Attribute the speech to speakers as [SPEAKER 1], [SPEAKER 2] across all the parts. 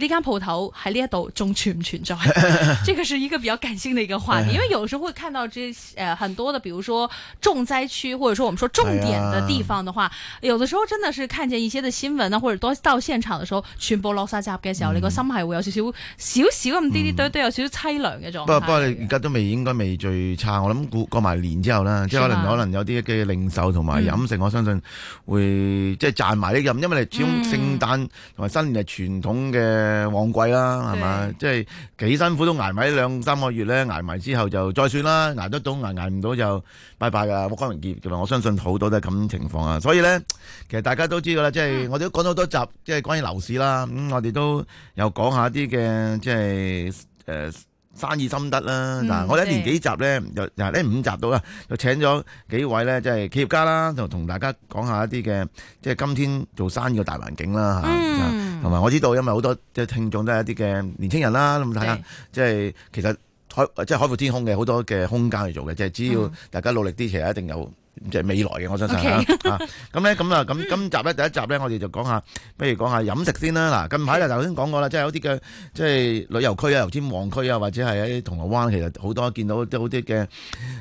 [SPEAKER 1] 呢間鋪頭喺呢一度仲存唔存在？呢 個是一個比較感性嘅一個話題， 哎、呀因為有時候會看到啲、呃、很多的，譬如說重災區，或者說我們說重點嘅地方嘅話，哎、呀有的時候真的是看見一些嘅新聞或者到到現場嘅時候，全部落晒閘嘅時候，你呢、嗯、個心係會有少少少咁啲啲都都有少少淒涼嘅狀態。不過不過，你而
[SPEAKER 2] 家都未應該未最差，我諗過埋年之後啦，嗎即係可能可能有啲嘅零售同埋飲食，嗯、我相信會即係賺埋呢咁，因為你始終、嗯、聖誕同埋新年係傳統嘅。誒，旺季啦，係嘛，對即係幾辛苦都挨埋兩三個月咧，挨埋之後就再算啦，挨得到挨，挨唔到就拜拜噶，冇可能結嘅嘛。我相信好多都係咁情況啊。所以咧，其實大家都知道啦，即係嗯、我哋都講咗好多集，即係關於樓市啦。咁我哋都有講下一啲嘅，即係誒、呃、生意心得啦。嗱，我哋一年幾集咧，又嗱呢、嗯、五集到啦，又請咗幾位咧，即係企業家啦，就同大家講下一啲嘅，即係今天做生意嘅大環境啦，吓、嗯。同埋我知道，因為好多即係聽眾都係一啲嘅年輕人啦，咁睇下，即係、嗯就是、其實即係海闊、就是、天空嘅，好多嘅空間嚟做嘅，即係只要大家努力啲，其實一定有即係、就是、未來嘅，我相信咁咧，咁 Okay. 啊，咁今集咧 第一集咧，我哋就講下，不如講下飲食先啦。嗱，近排就頭先講過啦，即係有啲嘅即係旅遊區啊、頭先旺區啊，或者係喺銅鑼灣，其實好多見到都好啲嘅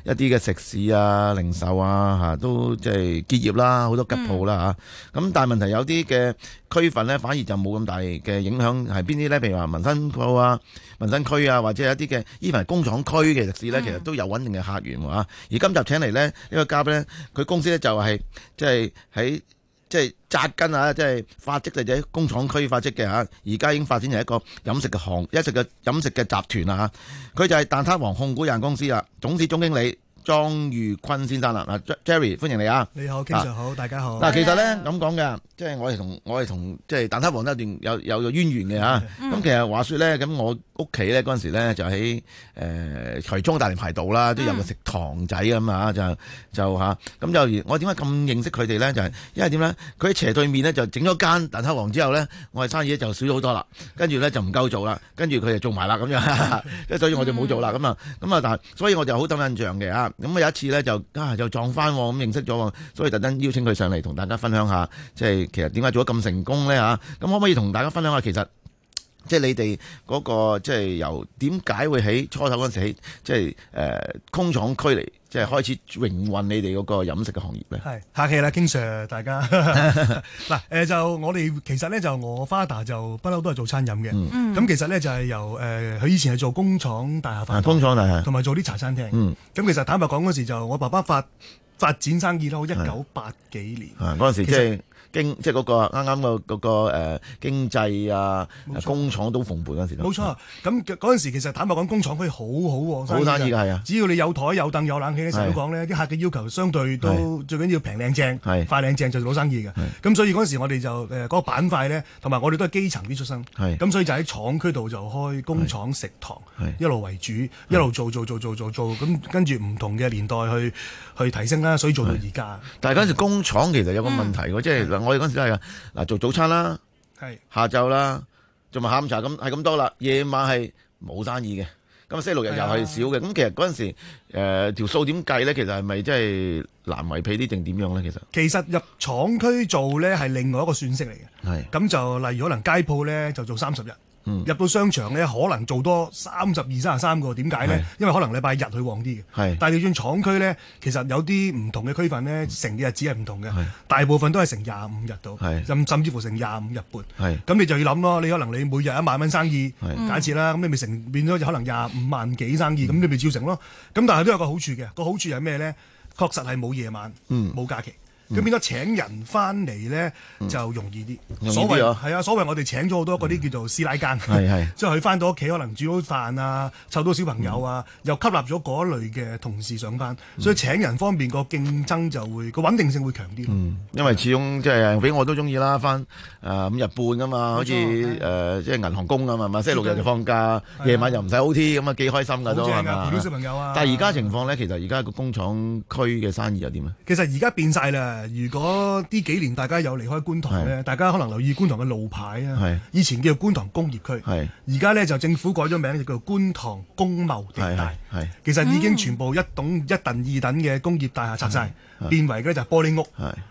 [SPEAKER 2] 一啲嘅食肆啊、零售啊，啊都即係結業啦，好多吉鋪啦咁、嗯啊、但係問題有啲嘅。區份咧反而就冇咁大嘅影響，係邊啲咧？譬如話民生鋪啊、民生區啊，或者一啲嘅依份工廠區嘅食肆咧，其實都有穩定嘅客源喎、嗯、而今集請嚟咧一個嘉賓呢，咧，佢公司咧就係即係喺即係紮根啊，即、就、係、是、發跡就喺、是、工廠區發跡嘅啊。而家已經發展成一個飲食嘅行，一食嘅飲食嘅集團啦佢、啊、就係蛋撻王控股有限公司啦，董事總經理。莊裕坤先生啦，嗱 Jerry 歡迎你啊！你好，King Sir 好，
[SPEAKER 3] 大家好。嗱，其實咧
[SPEAKER 2] 咁講嘅，即係我哋同我哋同即係蛋撻王都有段有有個淵源嘅嚇。咁 其實話說咧，咁我。屋企咧嗰陣時咧就喺誒葵涌大連排道啦，都有個食糖仔咁啊，就就吓咁就我點解咁認識佢哋咧？就係、是、因為點咧？佢斜對面咧就整咗間蛋撻王之後咧，我哋生意就少咗好多啦。跟住咧就唔夠做啦，跟住佢就做埋啦咁樣、啊，所以我就冇做啦咁啊咁啊，但、嗯、所以我就好等印象嘅啊。咁有一次咧就啊就撞翻咁、啊、認識咗，所以特登邀請佢上嚟同大家分享下，即、就、係、是、其實點解做得咁成功咧吓咁、啊、可唔可以同大家分享下其實？即係你哋嗰、那個，即、就、係、是、由點解會喺初頭嗰時時，即係誒工廠區嚟，即、就、係、是、開始營運你哋嗰個飲食嘅行業咧？
[SPEAKER 3] 係，客氣啦，King Sir，大家嗱就我哋其實咧，我就我 father 就不嬲都係做餐飲嘅。咁、嗯、其實咧就係、是、由誒，佢、呃、以前係做工廠大廈飯堂，工
[SPEAKER 2] 廠大廈，同埋
[SPEAKER 3] 做啲茶餐廳。咁、嗯嗯、其實坦白講嗰時，就我爸爸發發展生意都好，一九八幾
[SPEAKER 2] 年嗰是 時即、就、係、是。經即係嗰個啱啱個嗰個誒經濟啊工廠都蓬勃嗰陣時，冇錯。
[SPEAKER 3] 咁嗰陣時其實坦白講，工廠區好好喎，好生意嘅係啊。只要你有台有凳有冷氣嘅食館呢啲客嘅要求相對都最緊要平靚正，快靚正就攞生意嘅。咁所以嗰陣時我哋就嗰個板塊咧，同埋我哋都係基層啲出生。咁所以就喺廠區度就開工廠食堂，一路為主，一路做做做做做做咁跟住唔同嘅年代去去提升啦，所以做到而家。但係嗰陣時工廠其實有個問
[SPEAKER 2] 題即我哋嗰時都係噶，嗱做早餐啦，
[SPEAKER 3] 係
[SPEAKER 2] 下晝啦，做埋下午茶咁，係咁多啦。夜晚係冇生意嘅，咁星期六日又係少嘅。咁、哎、呀 其實嗰陣時，條、呃、條數點計咧？其實係咪即係難為皮啲定點樣咧？其實
[SPEAKER 3] 其實入廠區做咧係另外一個算式嚟嘅，咁是的 就例如可能街鋪咧就做三十日。入到商場咧，可能做多三十二、三十三個。點解咧？是因為可能禮拜日去旺啲嘅。是但係你轉廠區咧，其實有啲唔同嘅區份咧，成嘅日子係唔同嘅。是大部分都係成廿五日到，甚是甚至乎成廿五日半。咁是你就要諗咯。你可能你每日一萬蚊生意，是嗯、假介啦，假設啦。咁你咪成變咗可能廿五萬幾生意，咁、嗯、你咪照成咯。咁但係都有個好處嘅，個好處係咩咧？確實係冇夜晚，冇假期。嗯咁變咗請人翻嚟咧就容易啲，所謂係啊，所謂我哋請咗好多嗰啲叫做師奶間，即係佢翻到屋企可能煮好飯啊，湊到小朋友啊，又吸納咗嗰類嘅同事上班，所以請人方面個競爭就會個穩定性會強啲。
[SPEAKER 2] 因為始終即係俾我都中意啦，翻誒五日半噶嘛，好似誒即係銀行工咁係嘛？即係六日就放假，夜晚又唔使 OT，咁啊幾開心噶都係嘛？陪到小朋友啊！但係而家情況咧，其實而家個工廠區嘅生意又點啊？
[SPEAKER 3] 其實而家變晒啦～如果呢幾年大家有離開觀塘咧，是的 大家可能留意觀塘嘅路牌啊，是的 以前叫觀塘工業區，而家咧就政府改咗名，就叫觀塘工貿地帶。是的，是的其實已經全部一棟、嗯、一等二等嘅工業大廈拆晒。是的，是的。是變為咧就玻璃屋，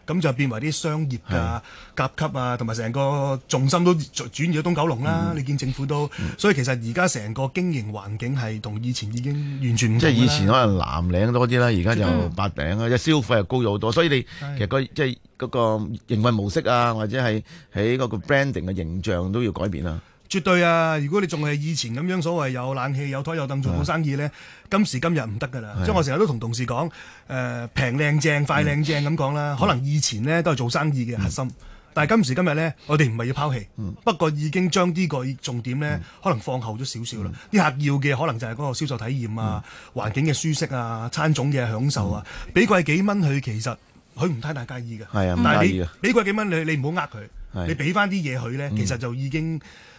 [SPEAKER 3] 咁就是變為啲商業啊、甲級啊，同埋成個重心都轉移咗東九龍啦。嗯、你見政府都，嗯、所以其實而家成個經營環境係同以前已經完全唔同。即係以前可能
[SPEAKER 2] 藍領多啲啦，而家就白領啊，即係消費又高咗好多。所以你其實、那個即係嗰個營運模式啊，或者係喺嗰個 branding 嘅形象都要改變啦。
[SPEAKER 3] 絕對啊！如果你仲係以前咁樣，所謂有冷氣、有台、有凳，做好生意呢，今時今日唔得噶啦。即係我成日都同同事講，誒平靚正、快靚正咁講啦。可能以前呢都係做生意嘅核心，但係今時今日呢，我哋唔係要拋棄。不過已經將呢個重點呢可能放後咗少少啦。啲客要嘅可能就係嗰個銷售體驗啊、環境嘅舒適啊、餐種嘅享受啊，俾貴幾蚊佢，其實佢唔太大介意嘅。係啊，但係俾貴幾蚊你，你唔好呃佢。你俾翻啲嘢佢呢，其實就已經。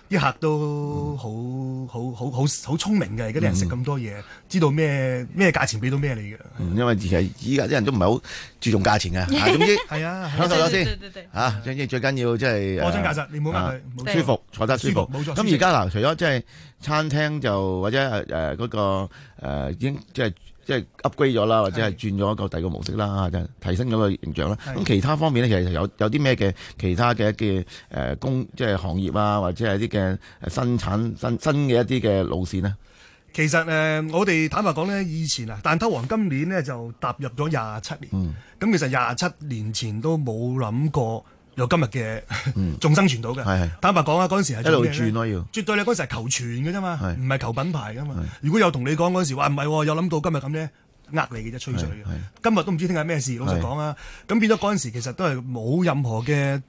[SPEAKER 3] 啲客都好好好好好聰明嘅，而家啲人食咁多嘢，嗯、知道咩咩價錢俾到咩你嘅。
[SPEAKER 2] 因為而家依家啲人都唔係好。注重價錢嘅，係總之係啊，唞先啊，總之最緊要即係貨真價實，你舒服坐得舒服。咁而家嗱，除咗即係餐廳就或者誒嗰個誒已經即係即係 upgrade 咗啦，或者係轉咗一個第二個模式啦，就提升咗個形象啦。咁其他方面咧，其實有有啲咩嘅其他嘅嘅誒工即係行業啊，或者係啲嘅生
[SPEAKER 3] 產新新
[SPEAKER 2] 嘅一啲嘅路線咧？
[SPEAKER 3] 其實誒，我哋坦白講咧，以前啊，蛋撻王今年呢，就踏入咗廿七年，咁其實廿七年前都冇諗過有今日嘅，仲生存到嘅。坦白講啊，嗰陣時係一路轉咯，絕對你嗰陣時係求存嘅啫嘛，唔係求品牌噶嘛。如果有同你講嗰陣時話唔係，有諗到今日咁呢，呃你嘅啫，吹水。今日都唔知聽日咩事，老實講啊，咁變咗嗰陣時其實都係冇任何嘅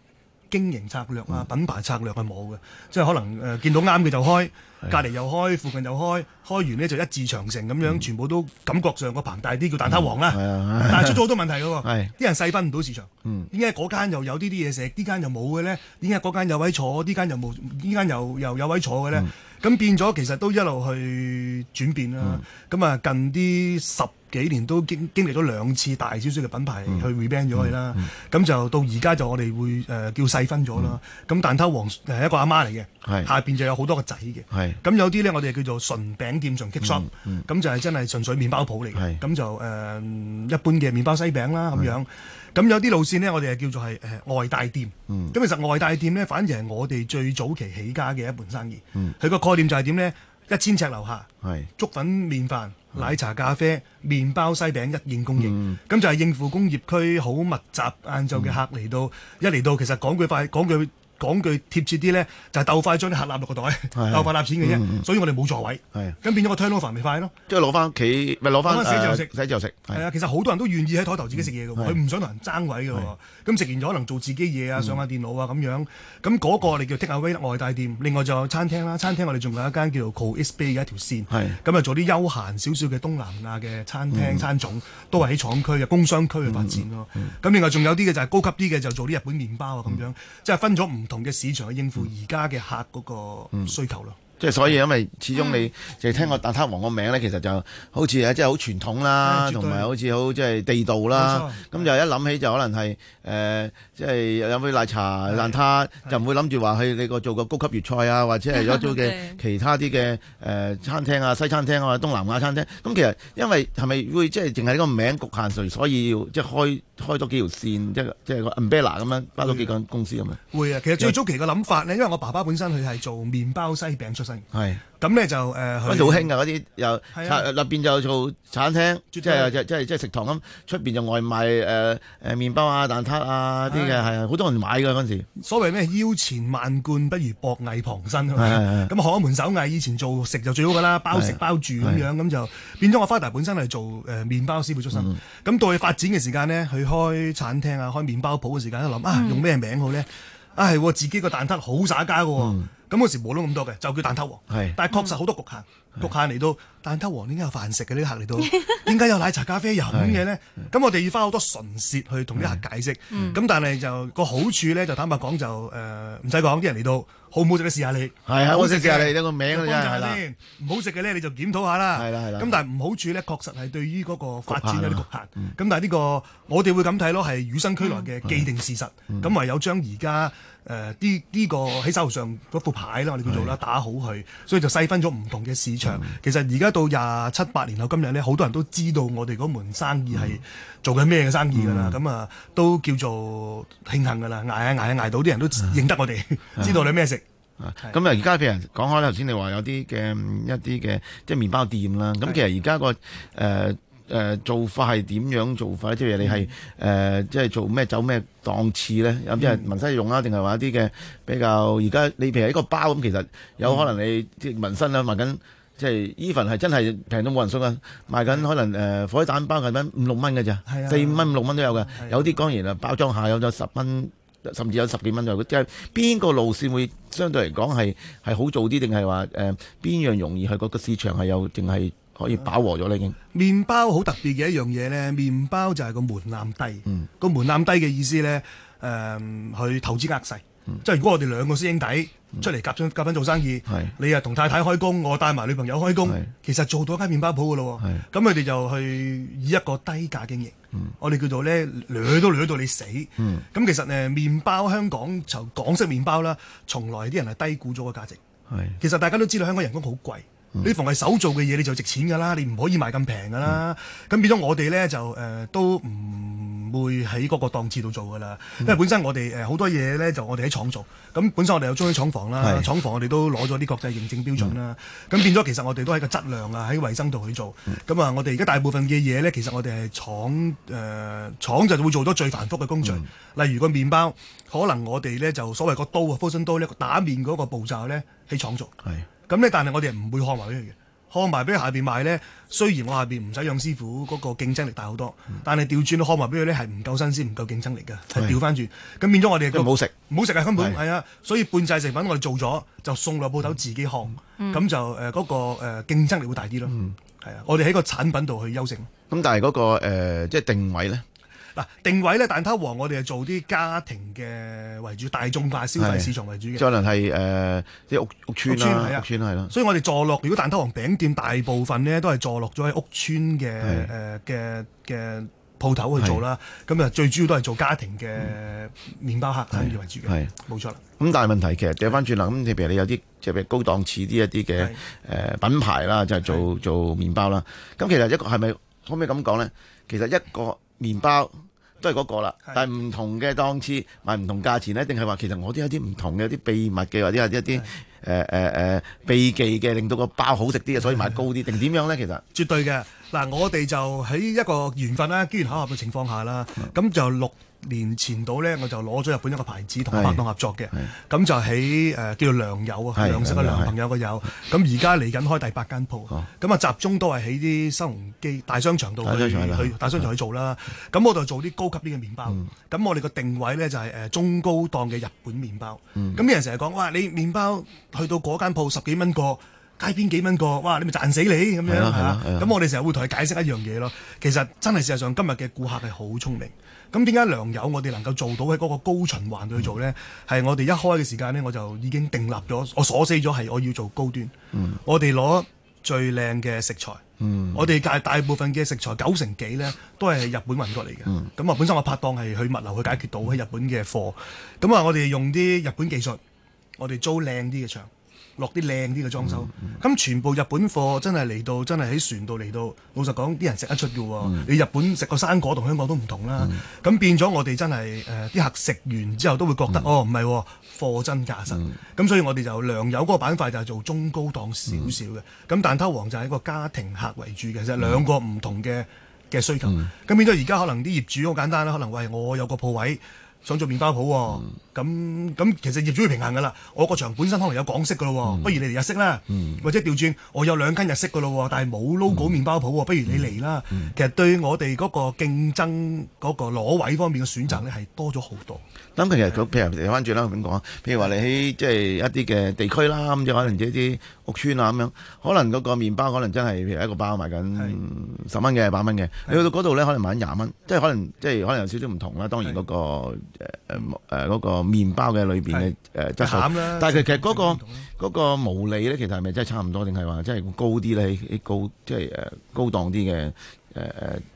[SPEAKER 3] 經營策略啊，品牌策略係冇嘅，即係可能誒見到啱嘅就開。隔籬又開，附近又開，開完咧就一字長城咁樣，嗯、全部都感覺上個棚大啲叫蛋撻王啦。
[SPEAKER 2] 嗯啊、但係出咗
[SPEAKER 3] 好多問題嘅喎，啲、啊、人細分唔到市場。點解嗰間又有，又有呢啲嘢食，呢間又冇嘅咧？點解嗰間有位坐，呢間又冇？呢間又又有位坐嘅咧？嗯咁變咗其實都一路去轉變啦，咁啊、嗯、近啲十幾年都經經歷咗兩次大少少嘅品牌去 rebrand 咗佢啦，咁、嗯嗯、就到而家就我哋會誒、呃、叫細分咗啦，咁蛋撻王係、呃、一個阿媽嚟嘅，是下邊就有好多個仔嘅，咁是有啲咧我哋叫做純餅店純 cake shop 咁就係真係純粹麵包鋪嚟嘅，咁是就誒、呃、一般嘅麵包西餅啦咁是樣。咁有啲路線呢，我哋係叫做係外帶店。咁、嗯、其實外帶店呢，反而係我哋最早期起家嘅一盤生意。佢個、嗯、概念就係點呢？一千尺樓下，係是粥粉麵飯、是奶茶咖啡、麵包西餅一應供應。咁、嗯、就係應付工業區好密集晏晝嘅客嚟到，嗯、一嚟到其實講句快講句。講句貼切啲咧，就係鬥快將啲客納落個袋，鬥快納錢嘅啫，所以我哋冇座位，咁變咗個 turnover 咪快咯。
[SPEAKER 2] 即係攞翻屋企咪攞翻洗就食，洗就食。係啊，其實
[SPEAKER 3] 好多人都願意喺枱頭自己食嘢嘅喎，佢唔想同人爭位嘅喎，咁食完咗可能做自己嘢啊，上下電腦啊咁樣，咁嗰個我哋叫 take away 外帶店。另外就餐廳啦，餐廳我哋仲有一間叫做 c a l l s p y 嘅一條線，咁啊做啲休閒少少嘅東南亞嘅餐廳餐種，都係喺廠區嘅工商區去發展咯。咁另外仲有啲嘅就係高級啲嘅，就做啲日本麵包啊咁樣，即係分咗唔。同嘅市場去應付而家嘅客嗰個需求咯。嗯嗯即係所以，因為始終你
[SPEAKER 2] 就係聽個蛋撻王個名咧，嗯、其實就好似即係好傳統啦，同埋對好似好即係地道啦。咁錯就一諗起就可能係誒，即係飲杯奶茶蛋撻，對但佢就唔會諗住話去你個做個高級粵菜啊，或者係嗰啲嘅其他啲嘅誒餐廳啊、西餐廳啊、東南亞餐廳。咁其實因為係咪會即係淨係呢個名局限住，所以要即係開開多幾條線，即即係、e、個 umbrella 咁樣包多幾間公司咁啊？
[SPEAKER 3] 會啊，其實最早期個諗法咧，對因為我爸爸本身佢係做麪包西餅出。係，咁咧就誒，嗰陣啊嗰啲，
[SPEAKER 2] 又入邊就做餐廳，即係即係即係食堂咁，出邊就外賣誒誒麵包啊、蛋撻啊啲嘅，係好多人買噶嗰陣時。
[SPEAKER 3] 所謂咩腰纏萬貫，不如博藝旁身，係係係。咁學門手藝，以前做食就最好噶啦，包食包住咁樣，咁就變咗我花 a 本身係做誒麵包師傅出身。咁到佢發展嘅時間咧，去開餐廳啊，開麵包鋪嘅時間，一諗啊，用咩名好咧？啊係，自己個蛋撻好耍家噶喎。咁嗰時冇諗咁多嘅，就叫蛋撻王。係，但係確實好多局限，局限嚟到蛋撻王點解有飯食嘅呢？啲客嚟到點解有奶茶咖啡飲嘅咧？咁我哋要花好多唇舌去同啲客解釋。咁但係就個好處咧，就坦白講就誒唔使講，啲人嚟到好唔好食嘅試下你。係啊，好食就你個名㗎啫。唔好食嘅咧，你就檢討下啦。係啦係啦。咁但係唔好處咧，確實係對於嗰個發展有啲局限。咁但係呢個我哋會咁睇咯，係與生俱來嘅既定事實。咁唯有將而家。誒啲呢個喺手上嗰副牌啦，我哋叫做啦，是打好佢，所以就細分咗唔同嘅市場。嗯、其實而家到廿七八年後今日呢，好多人都知道我哋嗰門生意係做緊咩嘅生意㗎啦。咁、嗯、啊，都叫做慶幸㗎啦，捱下、啊、捱下、啊、捱到啲人都認得我哋，的知道你咩食。咁啊，而家譬如講開頭
[SPEAKER 2] 先，的剛才你話有啲嘅、嗯、一啲嘅即係麵包店啦。咁的其實而家、個誒。呃誒、呃、做法係點樣做法？即係你係誒，即係、呃、做咩走咩檔次咧？有啲係紋身用啊，定係話一啲嘅比較。而家你譬如一個包咁，其實有可能你即係紋身啦，賣緊即係 even 係真係平到冇人信啦，賣緊可能誒、呃、火雞蛋包咁樣五六蚊嘅咋，四五蚊、五六蚊都有嘅。有啲當然啊，包裝下有咗十蚊，甚至有十幾蚊都有嘅。即係邊個路線會相對嚟講係係好做啲，定係話誒邊樣容易係嗰個市場係有定係？可以飽和咗啦，已經。
[SPEAKER 3] 麵包好特別嘅一樣嘢咧，麵包就係個門檻低。個門檻低嘅意思咧，去投資額細。即係如果我哋兩個師兄弟出嚟夾夾份做生意，你啊同太太開工，我帶埋女朋友開工，其實做到一間麵包鋪噶咯。咁佢哋就去以一個低價經營。我哋叫做咧，掠都掠到你死。咁其實呢，麵包香港就港式麵包啦，從來啲人係低估咗個價值。其實大家都知道香港人工好貴。嗯、你逢係手做嘅嘢，你就值錢㗎啦！你唔可以賣咁平㗎啦！咁、嗯、變咗我哋咧就誒、呃、都唔會喺嗰個檔次度做㗎啦，嗯、因為本身我哋誒好多嘢咧就我哋喺廠做，咁本身我哋又中意廠房啦，是廠房我哋都攞咗啲國際認證標準啦，咁、嗯、變咗其實我哋都喺個質量啊、喺衞生度去做。咁啊、嗯，我哋而家大部分嘅嘢咧，其實我哋係廠誒、呃、廠就會做咗最繁複嘅工序，嗯、例如個麵包，可能我哋咧就所謂個刀啊，本身刀咧打麵嗰個步驟咧喺廠做。咁咧，但係我哋唔會看埋俾佢嘅，看埋俾佢下面賣咧。雖然我下面唔使養師傅，嗰、那個競爭力大好多。嗯、但係調轉看埋俾佢咧，係唔夠新鮮，唔夠競爭力嘅，係調翻轉。咁的變咗我哋嘅冇食，冇食啊！根本係啊的，所以半製成品我哋做咗就送落鋪頭自己看。咁、嗯、就嗰、呃那個誒、呃、競爭力會大啲咯。係啊、嗯，我哋喺個產品度去優勝。
[SPEAKER 2] 咁但係嗰、那個即、呃就是、定位咧？
[SPEAKER 3] 嗱，定位咧，蛋撻王我哋係做啲家庭嘅為主，大眾化消費市場為主嘅，可能
[SPEAKER 2] 係誒啲屋屋村啦，屋村係咯。所
[SPEAKER 3] 以我哋坐落，如果蛋撻王餅店大部分呢都係坐落咗喺屋村嘅誒嘅嘅鋪頭去做啦。咁啊是，最主要都係做家庭嘅麵包客為是主嘅，係冇錯啦。
[SPEAKER 2] 咁但係問題其實掉翻轉啦，咁譬如你有啲即係高檔次啲一啲嘅誒品牌啦，就係、是、做是做麵包啦。咁其實一個係咪可唔可以咁講咧？其實一個。麵包都係嗰個啦，的但係唔同嘅檔次賣唔同價錢咧，定係話其實我都有啲唔同嘅有啲秘密嘅，或者係一啲誒誒誒秘技嘅，令到個包好食啲嘅。所以賣高啲定點樣咧？其實
[SPEAKER 3] 絕對嘅。嗱，我哋就喺一個緣分啦、機緣巧合嘅情況下啦，咁就六年前到咧，我就攞咗日本一個牌子同我拍檔合作嘅，咁就喺叫做良友啊，良識嘅良朋友個友，咁而家嚟緊開第八間鋪，咁啊集中都係喺啲新鴻基大商場度去大商場去做啦，咁我度做啲高級啲嘅麵包，咁我哋個定位咧就係中高檔嘅日本麵包，咁啲人成日講哇，你麵包去到嗰間鋪十幾蚊個。街邊幾蚊個，哇！你咪賺死你咁樣，係啊！咁我哋成日會同佢解釋一樣嘢咯。其實真係事實上，今日嘅顧客係好聰明。咁點解良友我哋能夠做到喺嗰個高循環度去做呢？係、嗯、我哋一開嘅時間呢，我就已經訂立咗，我鎖死咗係我要做高端。嗯、我哋攞最靚嘅食材。嗯、我哋大大部分嘅食材九成幾呢都係日本運過嚟嘅。咁啊、嗯，本身我拍檔係去物流去解決到喺、嗯、日本嘅貨。咁啊，我哋用啲日本技術，我哋租靚啲嘅場。落啲靚啲嘅裝修，咁、嗯嗯、全部日本貨真係嚟到，真係喺船度嚟到。老實講，啲人食得出嘅喎。嗯、你日本食個生果同香港都唔同啦。咁、嗯、變咗我哋真係啲、呃、客食完之後都會覺得、嗯、哦唔係、哦、貨真價實。咁、嗯、所以我哋就良友嗰個板塊就係做中高檔少少嘅。咁蛋撻王就係一個家庭客為主嘅，其、就是、兩個唔同嘅嘅、嗯、需求。咁、嗯、變咗而家可能啲業主好簡單啦，可能喂，我有個鋪位。想做麵包鋪喎、哦，咁咁、嗯嗯嗯、其實業主會平衡噶啦。我個場本身可能有港式噶咯，不如你哋日式啦，或者調轉我有兩間日式噶咯，但係冇 logo 麵包鋪喎，不如你嚟啦。其實對我哋嗰個競爭嗰個攞位方面嘅選擇呢係多咗好多。咁、
[SPEAKER 2] 嗯就是、其實譬如嚟翻轉啦，點講？譬如話你喺即係一啲嘅地區啦，咁就可能一啲屋邨啊咁樣，可能嗰個麵包可能真係譬如一個包賣緊十蚊嘅八蚊嘅，你去到嗰度呢，可能賣緊廿蚊，即係可能即係可能有少少唔同啦。當然嗰、那個。誒誒，誒嗰個麵包嘅裏邊嘅誒質素，但係其實嗰個嗰個毛利咧，其實係咪真係差唔多，定係話即係高啲咧？啲高即係誒高檔啲嘅。誒誒，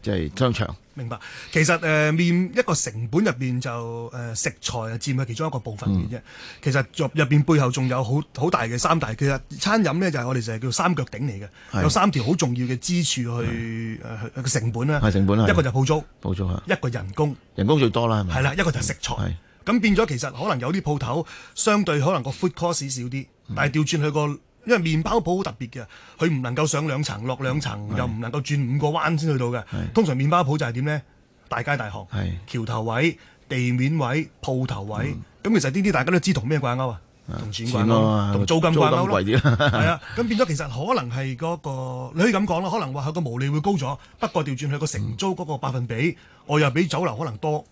[SPEAKER 2] 即係商場。
[SPEAKER 3] 明白，其實誒面一個成本入邊就誒食材係佔係其中一個部分嘅啫。其實入入邊背後仲有好好大嘅三大。其實餐飲咧就係我哋成日叫三腳頂嚟嘅，有三條好重要嘅支柱去誒個成本啦。係成本，一個就鋪租，鋪租啊，一個人工，人工最多啦，係咪？係啦，一個就食材。係，咁變咗，其實可能有啲鋪頭相對可能個 food cost 少啲，但係調轉去個。因為麵包鋪好特別嘅，佢唔能夠上兩層、落兩層，又唔能夠轉五個彎先去到嘅。通常麵包鋪就係點咧？大街大巷、橋頭位、地面位、鋪頭位，咁其實呢啲大家都知同咩掛鈎啊？同錢掛鈎，同租金掛鈎咯。係啊，咁變咗其實可能係嗰個你可以咁講咯，可能話佢個毛利會高咗，不過調轉去個承租嗰個百分比，我又比酒樓可能多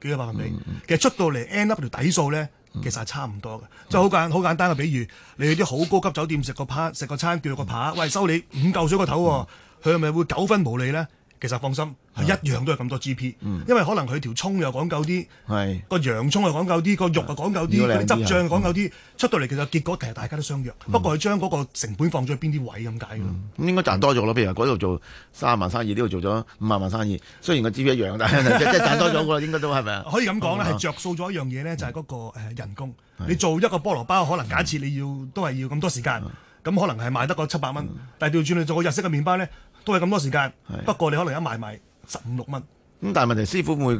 [SPEAKER 3] 幾百分比。其實出到嚟 end up 條底數咧。其實係差唔多嘅，即係好簡好簡單嘅比喻你去啲好高級酒店食個，個餐食個餐叫個扒，喂收你五嚿水個頭，佢係咪會九分無利咧？其實放心，係一樣都係咁多 G P，因為可能佢條蔥又講究啲，係個洋蔥又講究啲，個肉又講究啲，個汁醬又講究啲，出到嚟其實結果其實大家都相約，不過佢將嗰個成本放咗去邊啲位咁解咯。咁
[SPEAKER 2] 應該賺多咗咯，譬如話嗰度做三萬生意，呢度做咗五萬萬生意，雖然個 G P 一樣，但係即係賺多咗，應該都係咪啊？可以咁講咧，係着
[SPEAKER 3] 數咗一樣嘢咧，就係嗰個誒人工。你做一個菠蘿包，可能假設你要都係要咁多時間，咁可能係賣得個七百蚊，但係調轉嚟做個日式嘅麵包咧。都係咁多時間，不過你可能一賣賣十五六
[SPEAKER 2] 蚊。咁但係問題師傅會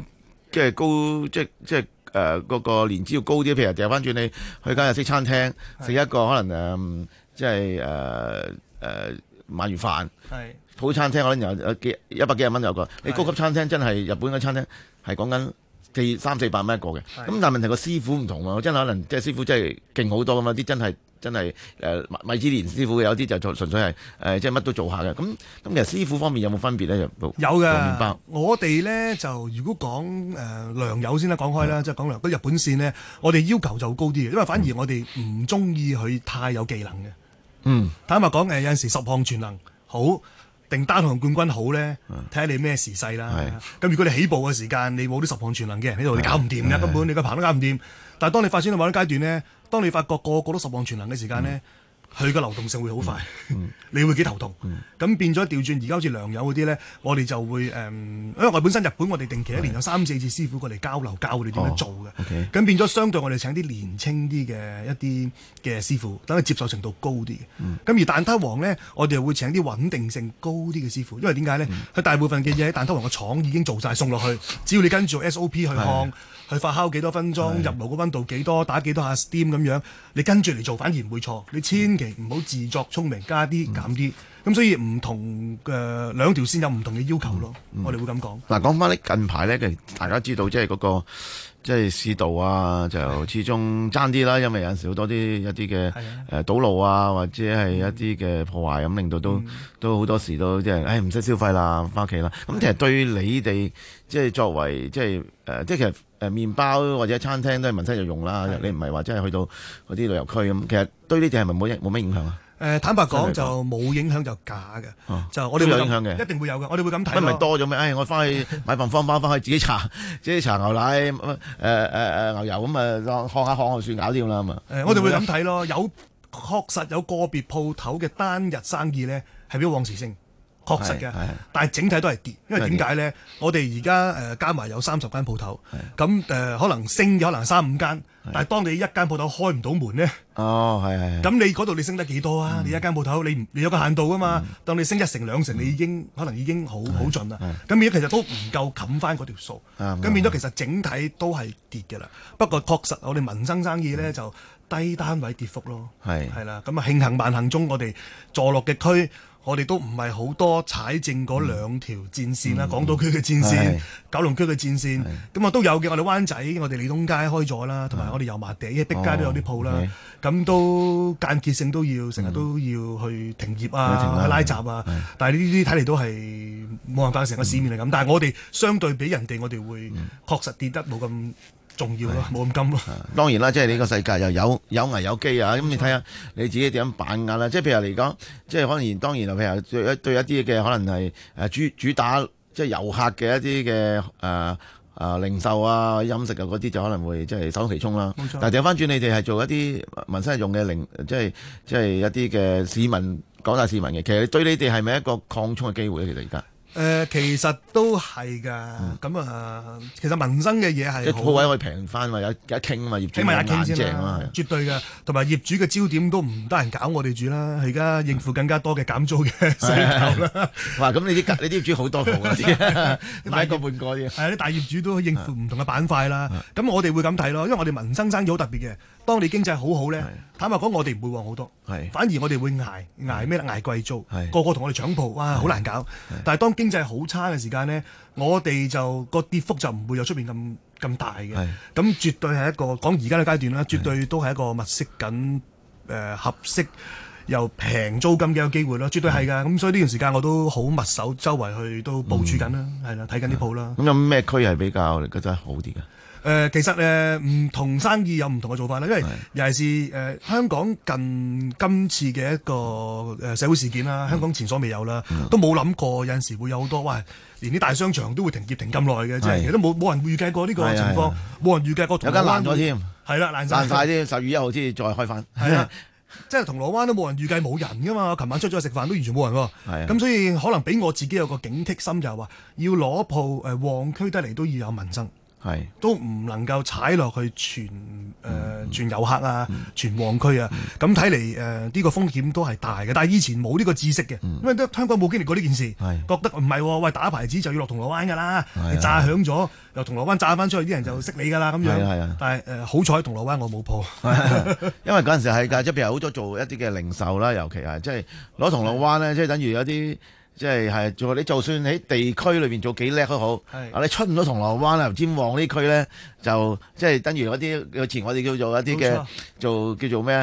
[SPEAKER 2] 即係高，即係即係誒嗰個年資要高啲。譬如掉翻轉你去間日式餐廳食一個可能誒、嗯，即係誒誒鰻魚飯。係普通餐廳可能有有一百幾十蚊有個。你高級餐廳真係日本嘅餐廳係講緊四三四百蚊一個嘅。咁的但係問題個師傅唔同喎，真係可能即係師傅真係勁好多噶嘛，啲真係。真係誒米芝蓮師傅有啲就做純粹係誒，即係乜都做下嘅。咁咁其實師傅方面有冇分別咧？
[SPEAKER 3] 有嘅。我哋咧就如果講誒良友先啦，講開啦，即係講良友。個日本線咧，我哋要求就高啲嘅，因為反而我哋唔中意佢太有技能嘅。嗯。坦白講誒，有陣時十項全能好定單項冠軍好咧，睇下你咩時勢啦。咁如果你起步嘅時間，你冇啲十項全能嘅人喺度，你搞唔掂嘅，根本你個棚都搞唔掂。但係當你發展到某一階段咧，當你發覺個個都十望全能嘅時間咧，佢嘅、嗯、流動性會好快，嗯、 你會幾頭痛。咁、嗯、變咗調轉，而家好似良友嗰啲咧，我哋就會誒、嗯，因為我本身日本，我哋定期一年有三四次師傅過嚟交流教我哋點樣做嘅。咁、哦 okay、變咗相對我哋請啲年輕啲嘅一啲嘅師傅，等佢接受程度高啲咁、嗯、而蛋撻王咧，我哋會請啲穩定性高啲嘅師傅，因為點解咧？佢、嗯、大部分嘅嘢喺蛋撻王個廠已經做晒，送落去，只要你跟住 SOP 去看。去發酵幾多分鐘，入爐個溫度幾多，打幾多下 steam 咁樣，你跟住嚟做反而唔會錯。你千祈唔好自作聰明，加啲減啲。咁、嗯、所以唔同嘅兩條線有唔同嘅要求咯。嗯嗯、我哋會咁講。
[SPEAKER 2] 嗱、啊，講翻呢近排呢，其實大家知道即係嗰個即係市道啊，就始終爭啲啦。因為有陣時好多啲一啲嘅誒堵路啊，或者係一啲嘅破壞咁，令到、嗯、都都好多時都即係誒唔使消費啦，翻屋企啦。咁其實對於你哋的即係作為即係誒、呃，即其實誒、呃、麵包或者餐廳都係民生就用啦，是的 你唔係話真係去到嗰啲旅遊區咁。其實對呢啲係咪冇冇咩影響
[SPEAKER 3] 啊？呃、坦白講就冇影響就假嘅，哦、就我哋都會有影響嘅，一定會有嘅。我哋會咁睇。咁咪
[SPEAKER 2] 多咗咩、 哎？我翻去買份方包，包，翻去自己搽，自己搽牛奶，誒、呃呃、牛油，咁誒看下看下算搞掂啦嘛。
[SPEAKER 3] 呃、我哋會咁睇咯。 有確實有個別鋪頭嘅單日生意咧，係比往時升。確實嘅，但係整體都係跌，因為點解呢？我哋而家誒加埋有三十間鋪頭，咁誒可能升可能三五間，但係當你一間鋪頭開唔到門呢，哦，
[SPEAKER 2] 係係，咁
[SPEAKER 3] 你嗰度你升得幾多啊？你一間鋪頭你你有個限度㗎嘛？當你升一成兩成，你已經可能已經好好盡啦，咁變咗其實都唔夠冚翻嗰條數，咁變咗其實整體都係跌嘅啦。不過確實我哋民生生意呢，就低單位跌幅咯，係啦，咁啊慶幸萬幸中我哋坐落嘅區。我哋都唔係好多踩正嗰兩條戰線啦，港島區嘅戰線、九龍區嘅戰線，咁啊都有嘅。我哋灣仔、我哋利東街開咗啦，同埋我哋油麻地、碧街都有啲鋪啦，咁都間歇性都要成日都要去停業啊、去拉閘啊。但係呢啲睇嚟都係冇辦法，成個市面嚟咁。但係我哋相對俾人哋，我哋會確實跌得冇咁。重要啦冇咁金
[SPEAKER 2] 咯。當然啦，即係呢個世界又有有，有危有機啊！咁你睇下你自己點樣把握啦、啊。即係譬如嚟講，即係可能當然，啦譬如對一啲嘅可能係主、啊、主打即係遊客嘅一啲嘅誒零售啊、飲食啊嗰啲就可能會即係首其衝啦、啊。錯但係掉翻轉，你哋係做一啲民生用嘅零，即係即係一啲嘅市民廣大市民嘅，其實對你哋係咪一個擴充嘅機會、啊、其實而家？
[SPEAKER 3] 誒，其實都係噶，咁啊，其實民生嘅嘢係鋪位可以平翻嘛，有有傾嘛，業主起碼有得傾先啊，係絕對噶，同埋業主嘅焦點都唔得人搞我哋住啦，而家應付更加多嘅減租嘅哇，咁你啲你啲業主好多嗰啲，買個半個啲。係啲大業主都應付唔同嘅板塊啦。咁我哋會咁睇咯，因為我哋民生生意好特別嘅。當你經濟好好咧，坦白講，我哋唔會旺好多，反而我哋會捱捱咩咧？捱貴租，個個同我哋搶鋪，哇，好難搞。但係當經濟好差嘅時間咧，我哋就個跌幅就唔會有出邊咁咁大嘅。咁絕對係一個講而家嘅階段啦，絕對都係一個物色緊誒合適又平租金嘅一個機會咯，絕對係㗎。咁所以呢段時間我都好密手周圍去都部署緊啦，係啦，睇緊啲鋪啦。
[SPEAKER 2] 咁有咩區係比較你覺得好啲㗎？
[SPEAKER 3] 誒、呃、其實呢，唔同生意有唔同嘅做法啦，因為尤其是誒、呃、香港近今次嘅一個誒社會事件啦，香港前所未有啦，都冇諗過有陣時會有好多，連啲大商場都會停業停咁耐嘅，即係的都冇冇人預計過呢個情況，冇人預計過銅鑼灣有間爛咗了添，係啦爛晒爛晒添，十月一,一號先再開翻，
[SPEAKER 2] 係
[SPEAKER 3] 啦，即係銅鑼灣都冇人預計冇人㗎嘛，我琴晚出咗去食飯都完全冇人喎，咁的所以可能俾我自己有個警惕心就係話、是，要攞鋪誒旺區得嚟都要有民生。係是都唔能夠踩落去全誒、呃嗯、全遊客啊，嗯、全旺區啊，咁睇嚟誒呢個風險都係大嘅。但以前冇呢個知識嘅，因為都香港冇經歷過呢件事，是覺得唔係、啊，喂打牌子就要落銅鑼灣㗎啦，啊、你炸響咗由銅鑼灣炸翻出去，啲人就識你㗎啦咁樣。啊，啊但係、呃、好彩銅鑼灣我冇鋪，啊、
[SPEAKER 2] 因為嗰陣時係嘅，即譬如好多做一啲嘅零售啦，尤其係即係攞銅鑼灣咧，即、就、係、是、等於有啲。即係係做你就算喺地區裏面做幾叻都好，啊你是的 出唔到銅鑼灣啊尖旺呢區咧。就即係等於嗰啲，以前我哋叫做一啲嘅，錯做叫做咩？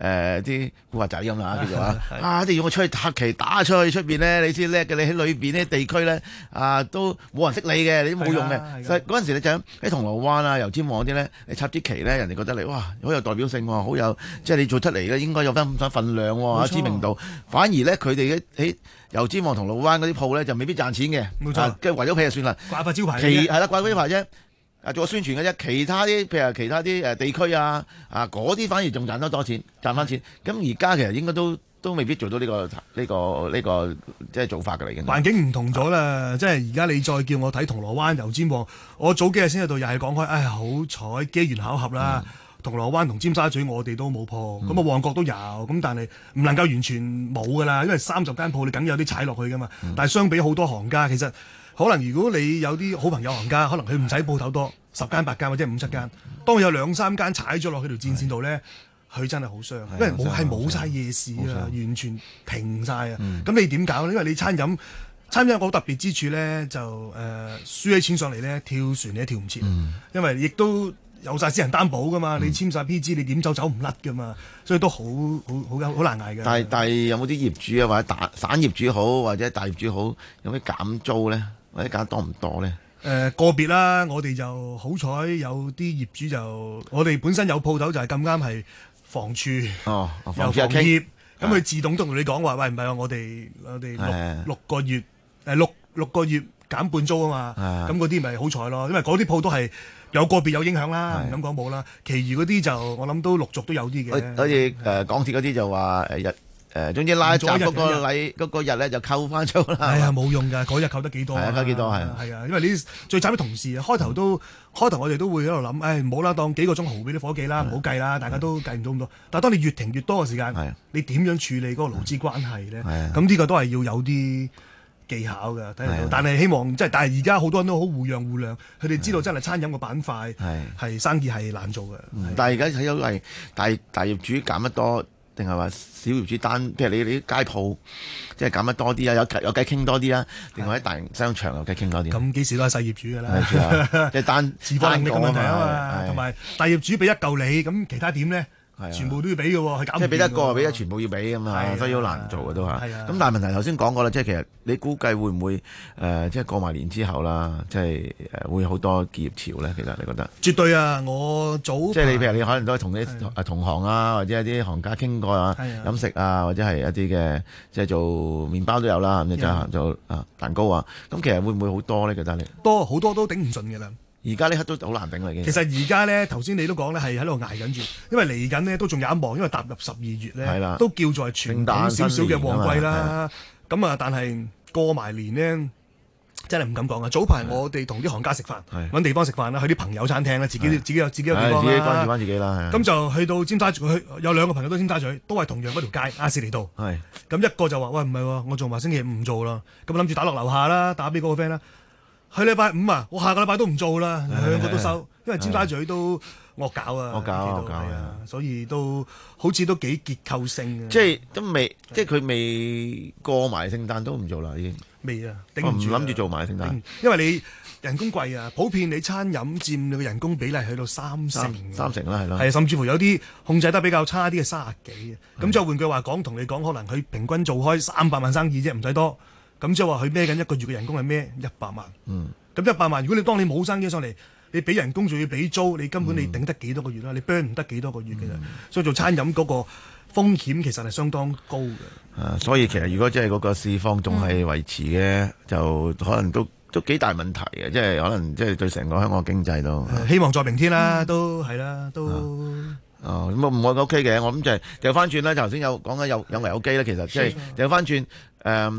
[SPEAKER 2] 誒啲古惑仔咁啦，叫做、呃、一啊一！啊，定要我出去拍旗打出去出邊咧，你先叻嘅。你喺裏邊呢地區咧，啊都冇人識你嘅，你都冇用嘅。就嗰陣時咧，就喺銅鑼灣啊、油尖旺啲咧，你插啲旗咧，人哋覺得你哇，好有代表性喎，好有即係你做出嚟咧，應該有翻咁多份量啊、錯知名度。反而咧，佢哋喺油尖旺、銅鑼灣嗰啲鋪咧，就未必賺錢嘅。冇錯，跟住圍咗皮就算啦，
[SPEAKER 3] 掛塊招牌，旗
[SPEAKER 2] 係啦，掛嗰啲牌啫。啊，做宣傳嘅啫，其他啲譬如其他啲誒地區啊，啊嗰啲反而仲賺得多錢，賺翻錢。咁而家其實應該都都未必做到呢個呢個呢個即係做法嘅嚟嘅。環境唔
[SPEAKER 3] 同咗啦，啊、即係而家你再叫我睇銅鑼灣、油尖旺，我早幾日先喺度又係講開，唉，好彩機緣巧合啦，嗯、銅鑼灣同尖沙咀我哋都冇鋪，咁啊、嗯、旺角都有，咁但係唔能夠完全冇㗎啦，因為三十間鋪你梗有啲踩落去㗎嘛。嗯、但相比好多行家，其實。可能如果你有啲好朋友行家，可能佢唔使鋪頭多，十間八間或者五七間。當有兩三間踩咗落去條戰線度咧，佢的真係的好傷，因為冇係冇晒夜市啊，傷完全停晒。啊、嗯。咁你點搞？因為你餐飲餐飲個好特別之處咧，就誒、呃、輸起錢上嚟咧，跳船你都跳唔切，嗯、因為亦都有晒私人擔保噶嘛，嗯、你簽晒 PG 你點走走唔甩噶嘛，所以都好好好難捱嘅。但係
[SPEAKER 2] 但係有冇啲業主啊，或者大散業主好，或者大業主好，有咩減租咧？或者揀多唔多咧、
[SPEAKER 3] 呃？個別啦，我哋就好彩有啲業主就我哋本身有鋪頭就係咁啱係房署，
[SPEAKER 2] 由、哦哦、房協
[SPEAKER 3] 咁佢自動都同你講話，喂唔係、啊、我哋我哋六的六個月、呃、六六個月減半租啊嘛，咁嗰啲咪好彩咯，因為嗰啲鋪都係有個別有影響啦，唔的敢講冇啦。其餘嗰啲就我諗都陸續都有啲嘅，好似
[SPEAKER 2] 誒港鐵嗰啲就話誒一。呃誒，總之拉咗嗰個禮，
[SPEAKER 3] 嗰、那個日咧就扣翻咗啦。係啊、哎，冇用噶，嗰、那個、日扣得幾多，多、啊、多，多？係啊，扣幾多係？係啊，因為你最慘啲同事啊，開頭都開頭我哋都會喺度諗，誒、哎，好啦，當幾個鐘毫俾啲伙計啦，唔好計啦，大家都計唔到咁多。但係當你越停越多嘅時間，的你點樣處理嗰個勞資關係咧？咁呢的個都係要有啲技巧噶，睇的但係希望即係，但係而家好多人都好互讓互諒，佢哋知道真係餐飲個板塊係的生意係難做嘅。
[SPEAKER 2] 但係而家睇到係大大業主減得多。定係話小業主單，譬如你你啲街鋪，即係減得多啲啊！有有偈傾多啲啦，定係喺大型商場有偈傾多啲。咁
[SPEAKER 3] 幾、嗯、時都係細業主㗎啦，即係 單自發力嘅問題啊嘛，同埋大業主俾一嚿你，咁其他點咧？全部都要俾嘅喎，係減免。即係俾得過個，俾得全部要俾咁啊，所以好難
[SPEAKER 2] 做嘅都係。咁但係問題頭先講過啦，即係其實你估計會唔會誒，即係過埋年之後啦，即係誒會好多結業潮咧？其實你覺得？
[SPEAKER 3] 絕對啊！我早即係你，譬如
[SPEAKER 2] 你可能都係同啲同行啊，或者一啲行家傾過啊，飲食啊，或者係一啲嘅即係做麵包都有啦，咁就做啊蛋糕啊。咁其實會唔會好多咧？覺得你
[SPEAKER 3] 多好多都頂唔順嘅啦。
[SPEAKER 2] 而家呢刻都好難頂啦，已經。其實而
[SPEAKER 3] 家咧，頭先你都講咧，係喺度挨緊住，因為嚟緊咧都仲有一望，因為踏入十二月咧，的都叫做係傳統少少嘅旺季啦。咁啊，但係過埋年咧，真係唔敢講啊。早排我哋同啲行家食飯，揾的地方食飯啦，去啲朋友餐廳啦，自己的自己有自己有地方自己關注翻自
[SPEAKER 2] 己啦。咁、嗯、就
[SPEAKER 3] 去到尖沙咀，去有兩個朋友都尖沙咀，都係同樣一條街亞士厘道。係咁的一個就話：喂，唔係喎，我做埋星期五唔做我打打啦。咁諗住打落樓下啦，打俾嗰個 friend 啦。去禮拜五啊，我下個禮拜都唔做啦，兩個都收，因為尖沙咀都惡搞啊，惡搞，
[SPEAKER 2] 惡搞啊，
[SPEAKER 3] 所以都好似都幾結構性啊。即係都
[SPEAKER 2] 未，即係佢未過埋聖誕都唔做啦，已經。
[SPEAKER 3] 未啊，頂唔住。我唔諗住做埋聖誕，因為你人工貴啊，普遍你餐飲占你嘅人工比例去到三成。三成啦，係啦。係，甚至乎有啲控制得比較差啲嘅卅幾啊，咁就換句話講，同你講，可能佢平均做開三百萬生意啫，唔使多。咁即係話佢孭緊一個月嘅人工係孭一百萬，咁一百萬如果你當你冇生意上嚟，你俾人工仲要俾租，你根本你頂得幾多個月啦？嗯、你 burn 唔得幾多個月嘅，嗯、所以做餐飲嗰個風險其實係相當高嘅。啊，
[SPEAKER 2] 所以其實如果即係嗰個市況仲係維持嘅，嗯、就可能都都幾大問題嘅，即、就、係、是、可能即係對成個香港經濟都、啊、希望在明天啦、啊，嗯、都
[SPEAKER 3] 係啦、啊，都。啊
[SPEAKER 2] 哦，咁啊唔會 OK 嘅，我諗就係掉翻轉啦。頭先有講緊有有危有機啦，其實即係掉翻轉，誒的，即係、呃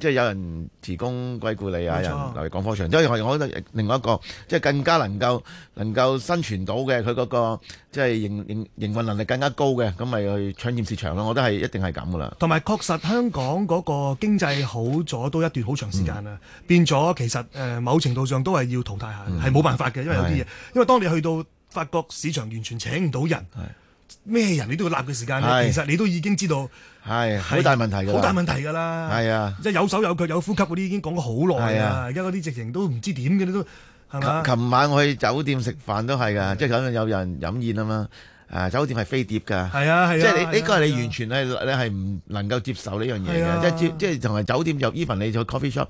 [SPEAKER 2] 就是、有人辭官歸故里啊，錯有人嚟講科場。即、就、係、是、我覺得另外一個，即、就、係、是、更加能夠能夠生存到嘅，佢嗰、那個即係、就是、營營營運能力更加高嘅，咁咪去搶佔市場咯。我都係一定係咁噶啦。
[SPEAKER 3] 同埋確實香港嗰個經濟好咗都一段好長時間啦，嗯、變咗其實、呃、某程度上都係要淘汰下，係冇、嗯、辦法嘅，因為有啲嘢，的因為當你去到。發覺市場完全請唔到人，咩人你都要立嘅時間咧。是其實你都已經知道，係好大問題嘅，好大問題㗎啦。係啊，即係有手有腳有呼吸嗰啲已經講咗好耐啊。而家嗰啲直情都唔知點嘅你都，琴
[SPEAKER 2] 晚我去酒店食飯都係㗎，即係肯定有人飲宴啦嘛。啊！酒店係飛碟㗎，係啊係啊，即係你呢個係你完全係你係唔能夠接受呢樣嘢嘅，即係即係同埋酒店入 even 你就 coffee shop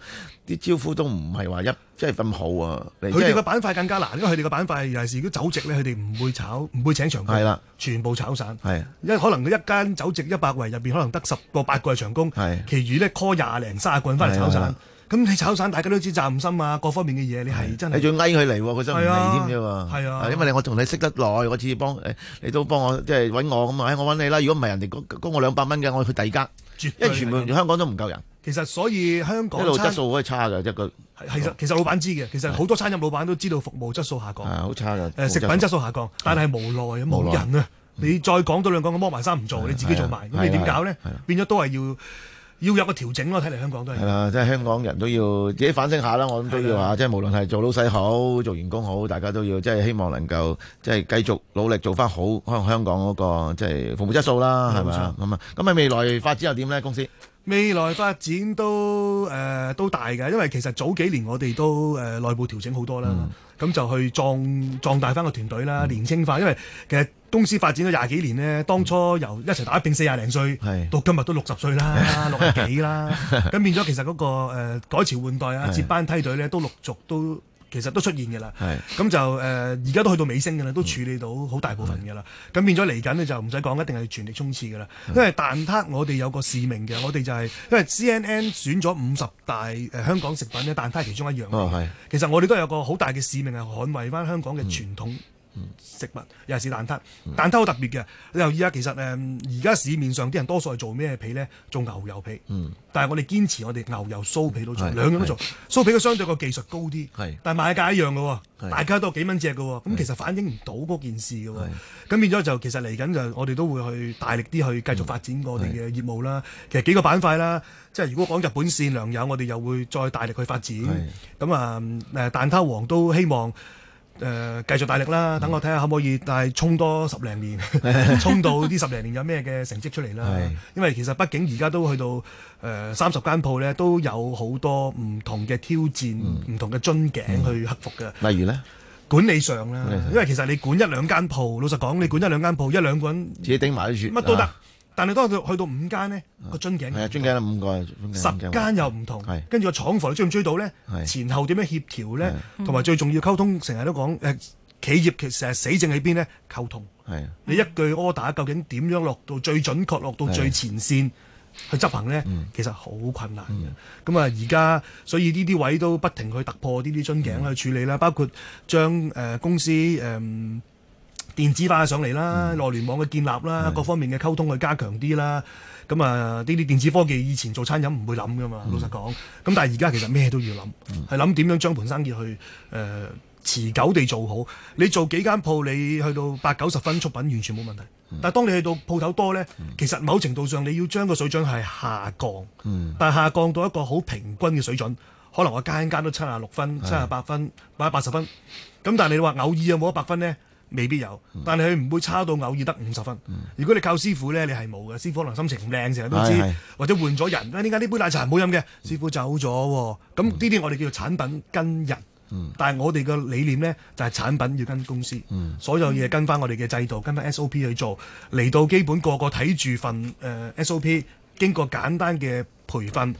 [SPEAKER 2] 啲招呼都唔係話一即係咁好啊。佢哋個板
[SPEAKER 3] 塊更加難，因為佢哋個板塊尤其是如果酒席咧，佢哋唔會炒，唔會請長工，係啦，全部炒散，係，因為可能佢一間酒席一百圍入邊可能得十個八個係長工，係，其餘咧 call 廿零卅滾翻嚟炒散。咁你炒散，大家都知責任心啊，各方面嘅嘢你係真係，你仲要拉佢嚟，佢真唔嚟添啫嘛。係啊，因為
[SPEAKER 2] 我同你識得耐，我次次幫你都幫我即係揾我咁啊，我揾你啦。如果唔係人哋供我兩百蚊嘅，我去第二間，因為
[SPEAKER 3] 全部香港都唔夠人。其實所以香港一路質素
[SPEAKER 2] 可以差嘅，即係其實
[SPEAKER 3] 其實老闆知嘅，其實好多餐飲老闆都知道服務質素下
[SPEAKER 2] 降，好差嘅。食品質素
[SPEAKER 3] 下降，但係無奈冇人啊！你再講到兩句，我剝埋衫唔做，你自己做埋，咁你點搞咧？變咗都係要。要有個調整咯，睇嚟香
[SPEAKER 2] 港都係。係啦，即係香港人都要自己反省下啦。我諗都要啊，即係的無論係做老細好，做員工好，大家都要即係、就是、希望能夠即係、就是、繼續
[SPEAKER 3] 努力做翻好，可能香港嗰、那個即係服務質素啦，係咪啊？咁啊吧，
[SPEAKER 2] 咁喺的未來發展
[SPEAKER 3] 又點咧？公司？未來發展都誒、呃、都大嘅，因為其實早幾年我哋都誒內、呃、部調整好多啦，咁、嗯、就去壯壯大翻個團隊啦，嗯、年青化，因為其實公司發展咗廿幾年呢，當初由一齊打一拼四廿零歲，嗯、到今日都六十歲啦，六十幾啦，咁變咗其實嗰、那個、呃、改朝換代啊，接班梯隊呢，都陸續都。其實都出現嘅啦，咁是就誒而家都去到尾聲嘅啦，都處理到好大部分嘅啦。咁、嗯、變咗嚟緊呢就唔使講，一定係全力衝刺嘅啦。嗯、因為蛋撻我哋有個使命嘅，我哋就係、是、因為 CNN 選咗五十大、呃、香港食品咧，蛋撻係其中一樣嘅。哦、其實我哋都有個好大嘅使命係捍衞翻香港嘅傳統。嗯食物，尤其是蛋撻，蛋撻好特別嘅。你又依家其實誒，而家市面上啲人多數係做咩皮咧？做牛油皮，但係我哋堅持我哋牛油酥皮都做，兩樣都做。酥皮嘅相對個技術高啲，但係賣價一樣嘅，大家都係幾蚊隻嘅，咁其實反映唔到嗰件事嘅。咁變咗就其實嚟緊就我哋都會去大力啲去繼續發展我哋嘅業務啦。其實幾個板塊啦，即係如果講日本線、良友，我哋又會再大力去發展。咁啊，誒，蛋撻王都希望。誒、呃、繼續大力啦，等我睇下可唔可以，但係衝多十零年，衝 到啲十零年有咩嘅成績出嚟啦。是的 因為其實畢竟而家都去到誒三十間鋪呢，都有好多唔同嘅挑戰、唔、嗯、同嘅樽頸去克服嘅。例如呢，管理上啦，因為其實你管一兩間鋪，老實講，你管一兩間鋪，一兩個人自己頂埋都算乜都得，啊但你當佢去到五間呢，個樽頸，樽頸五個，十間又唔同，跟住個廠房你追唔追到呢？前後點樣協調呢？同埋最重要溝通，成日都講企業其實死症喺邊呢？溝通，你一句 order 究竟點樣落到最準確，落到最前線去執行呢？其實好困難嘅。咁啊，而家所以呢啲位都不停去突破呢啲樽頸去處理啦，包括將公司電子化上嚟啦，內聯網嘅建立啦，是的 各方面嘅溝通去加強啲啦。咁啊，呢啲電子科技以前做餐飲唔會諗㗎嘛，嗯、老實講。咁但係而家其實咩都要諗，係諗點樣將盤生意去誒、呃、持久地做好。你做幾間鋪，你去到八九十分出品完全冇問題。但係當你去到鋪頭多呢，其實某程度上你要將個水準係下降，嗯、但下降到一個好平均嘅水準，可能話間間都七啊六分、七啊八分、八八十分。咁但係你話偶爾有冇一百分呢？未必有，但係佢唔會差到偶爾得五十分。嗯、如果你靠師傅咧，你係冇嘅。師傅可能心情唔靚，成日都知，哎哎或者換咗人。點解呢杯奶茶唔好飲嘅？師傅走咗、哦，咁呢啲我哋叫做產品跟人。但係我哋嘅理念呢，就係、是、產品要跟公司，嗯、所有嘢跟翻我哋嘅制度，跟翻 SOP 去做。嚟到基本個個睇住份、呃、SOP，經過簡單嘅培訓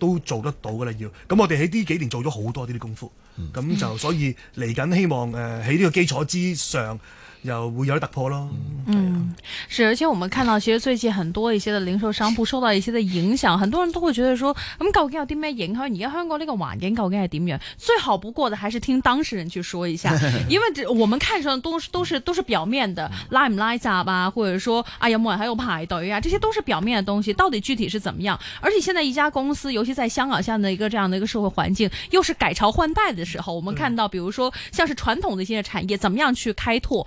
[SPEAKER 3] 都做得到㗎啦。要咁，我哋喺呢幾年做咗好多呢啲功夫。咁就、嗯、所以嚟緊，希望誒喺呢個基礎之上。又會有突破咯。嗯，
[SPEAKER 1] 啊、是，而且我們看到其實最近很多一些的零售商鋪受到一些的影響， 很多人都會覺得說：，咁、嗯、究竟係點咩影響，而家香港呢個環境究竟係點樣？最好不過的，還是聽當事人去說一下， 因為我們看上都都是都是，都是表面的，lime lights up 啊，或者說說，哎、啊、呀，冇還有排隊啊，這些都是表面的東西，到底具體是怎麼樣？而且現在一家公司，尤其在香港現在一個這樣的一個社會環境，又是改朝換代的時候，我們看到， 比如說，像是傳統的一些產業，怎麼樣去開拓？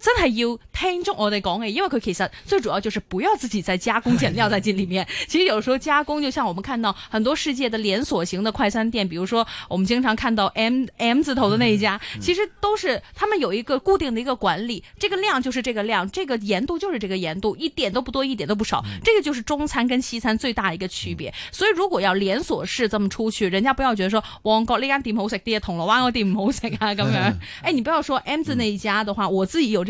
[SPEAKER 1] 真係要聽中我哋講嘅，因為佢其實最主要就是不要自己再加工減料再進裏面。其實有時候加工就像我們看到很多世界的連鎖型的快餐店，比如說我們經常看到 M M 字頭的那一家，其實都是他們有一個固定的一個管理，這個量就是這個量，這個鹽度就是這個鹽度，一點都不多，一點都不少。這個就是中餐跟西餐最大一個區別。所以如果要連鎖式咁樣出去，人家不要覺得說旺角呢間店好食啲啊，銅鑼灣嗰店唔好食啊咁樣。誒、哎哎，你不要說 M 字那一家的話，嗯、我自己有、這個。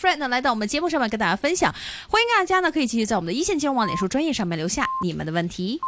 [SPEAKER 1] friend 來到我們節目上面跟大家分享，歡迎大家呢，可以繼續在我們的一線金融網臉書專頁上面留下你們的問題。